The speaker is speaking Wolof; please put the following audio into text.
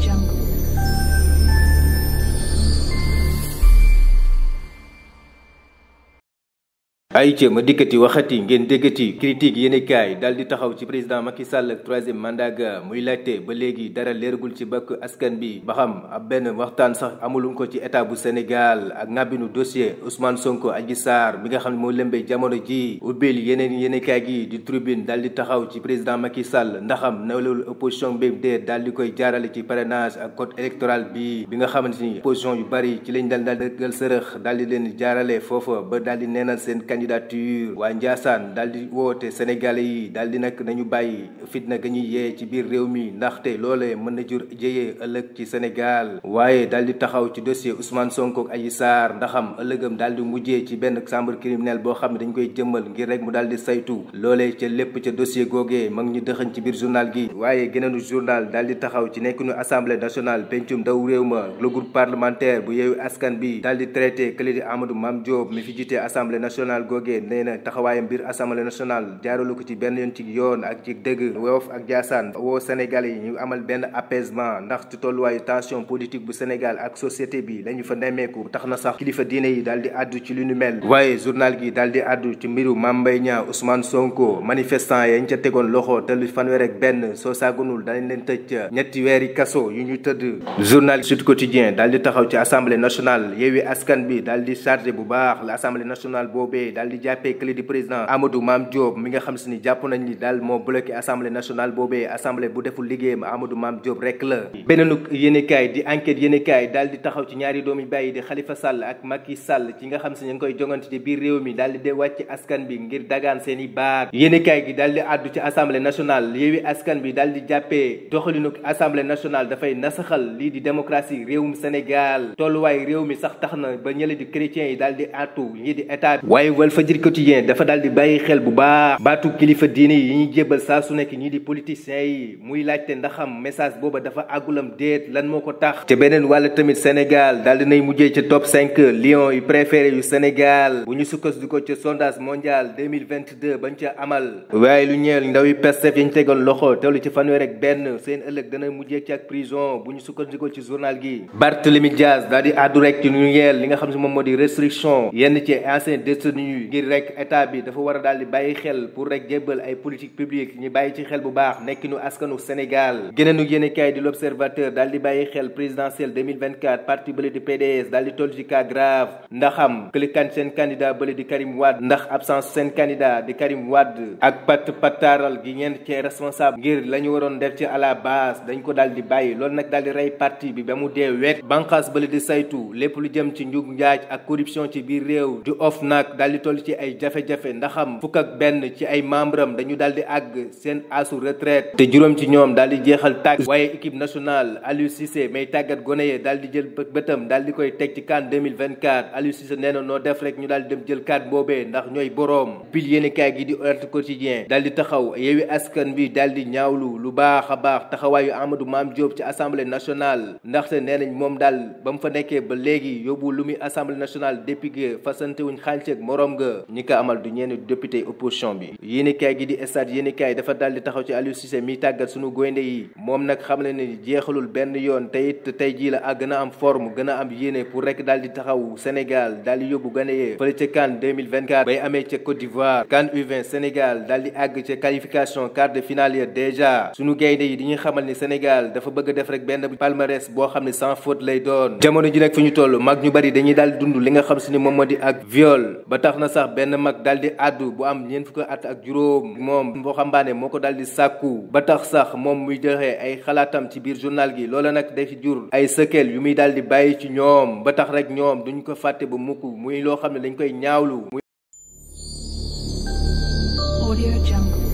这样。ayca ma dikkati waxati ngeen déggati critique yene kaay daal di taxaw ci président Macky Sall ak troisième mandat ga muy laajte ba léegi dara leeragul ci bakk askan bi ba xam ab benn waxtaan sax amulum ko ci état bu Sénégal ak ngàbbinu dossier Ousmane Sonko Adji Sarr mi nga xam ne moo lëmbee jamono ji ubbil yeneen yéen kaay gi di tribune daal di taxaw ci président Macky Sall ndaxam nawlewul opposition bi dee daal di koy jaarale ci parrainage ak code électoral bi bi nga xamante ni opposition yu bari ci lañ daal daal dëggal sërëx daal di leen jaarale foofa ba daal di neenal seen candidature waa Ndiassane daal di woote sénégalais yi daal di nag nañu bàyyi fitna ga ñuy yee ci biir réew mi ndaxte loolee mën na jur jëyee ëllëg ci Sénégal waaye daal di taxaw ci dossier Ousmane Sonko ak Adji Sarr ndaxam ëllëgam daal di mujjee ci benn chambre criminelle boo xam ne dañ koy jëmmal ngir rek mu daal di saytu loolee ca lépp ca dossier googee mag ñi dëxañ ci biir journal gi waaye geneenu journal daal di taxaw ci nekkinu assemblée nationale pencum ndaw réew ma le groupe parlementaire bu yeewu askan bi daal di traité Khalid Amadou Mame Diop mi fi jiite assemblée nationale googee nee na taxawaayam biir assemblée nationale jaaralu ko ci benn yoon ci yoon ak ci dëgg Yoff ak woo Sénégal yi ñu amal benn apaisement ndax ci tolluwaayu tension politique bu Sénégal ak société bi lañu fa nemmeeku tax na sax kilifa diine yi daldi di addu ci li mel waaye journal gi daldi addu ci mbiru Mame Niang Ousmane Sonko manifestant yañ ca tegoon loxo te lu fanweer ak benn soo saagunul danañ leen tëj ñetti weeri kaso yu ñu tëdd journal Sud Quotidien daldi taxaw ci assemblée nationale yewi Askan bi daldi Boubar, bu baax l'assemblée nationale boobee daal di jàppee kële di président Amadou Mame Diop mi nga xam si ni jàpp nañ ni daal moo bloqué assemblée nationale boobee assemblée bu deful liggéeyam Amadou Mame Diop rek la beneen yéenekaay di enquête yéenekaay daal di taxaw ci ñaari doomi bàyyi di Khalifa Sall ak Macky Sall ci nga xam si ñu ngi koy jongante ci biir réew mi daal di de wàcc askan bi ngir dagaan seen i baat yéenekaay gi daal di àddu ci assemblée nationale Yewwi Askan Wi daal di jàppee doxalinu assemblée nationale dafay nasaxal lii di démocratie réewum Sénégal tolluwaay réew mi sax tax na ba yi daal di Walfadjri quotidien dafa daldi baye xel bu baax baatu kilifa diine yi ñi jébal sa su nek ñi di politiciens yi muy laajte ndaxam message booba dafa àggulam déet lan moko tax ca benen wala tamit Sénégal daldi nay mujjé ci top 5 lion yu préféré yu Sénégal bu ñu sukkandiku ci sondage mondial 2022 bañ ci amal way lu ñeel ndaw yi Pastef tégal loxo loxo lu ci fanwe rek benn seen ëllëg dana mujjé ci ak prison bu ñu sukkandiku ci journal gi bartlemi Diaz daldi di àddu rek ci ñu ñeel li nga xam ne moom restriction yenn ci ancien détenu continue ngir rek état bi dafa war a daal di bàyyi xel pour rek jébbal ay politique publique ñu bàyyi ci xel bu baax nekkinu askanu Sénégal génneenu yéenekaay di l'observateur daal di bàyyi xel présidentielle 2024 parti bële di PDS daal di toll ci cas grave ndaxam këlikan seen candidat bële di Karim Wade ndax absence seen candidat di Karim Wade ak pat pataaral gi ñeen ci responsable ngir la ñu waroon def ci à la base dañ ko daal di bàyyi loolu nag daal di rey parti bi ba mu dee wet banqaas bële di saytu lépp lu jëm ci njug njaaj ak ci biir toll ci ay jafe-jafe am fukk ak benn ci ay membre am dañu daldi àgg seen asu retraite te juróom ci ñoom daldi di jeexal tàgg waaye équipe nationale Aliou Cissé may tàggat gone yee daal jël bëtam daldi koy teg ci CAN 2024 Aliou Cissé nee na noo def rek ñu daldi dem jël CAN boobee ndax ñooy boroom pil yéeni kaay gi di alerte quotidien daldi taxaw yewi askan bi daldi ñaawlu lu baax a baax taxawaayu Amadou mam Diop ci assemblée nationale ndaxte nee nañ moom daal ba mu fa nekkee ba léegi yóbbu lu muy assemblée nationale député fasante wuñ xànceeg morom nga amal du ñenn député opposition bi kay gi di yene kay dafa daal di taxaw ci Aliou Cissé mi tàggat suñu goynde yi mom nak xam le ni jéxalul benn yoon tay tey la agna am forme gëna am yene pour rek daal di taxaw Sénégal daal di yóbbu gane yee CAN 2024 bay amé ci Côte d'Ivoire CAN U20 Sénégal dali di qualification quart de finale déjà suñu gaynde yi di xamal Sénégal dafa bëgg def rek benn palmarès bo sans faute lay doon jamono ji nag fi ñu toll mag ñu bari dañuy daal dund li nga xam ni ak viol ba tax na sax benn mag daldi di àddu bu am ñeent fukki at ak juróom moom waxambaane moo ko daal di sàkku ba tax sax moom muy joxe ay xalaatam ci biir journal gi loola nag def fi jur ay sëkkeel yu muy daal di bàyyi ci ñoom ba tax rek ñoom duñ ko fàtte bu mukk muy loo xam ne dañ koy ñaawlu. Audio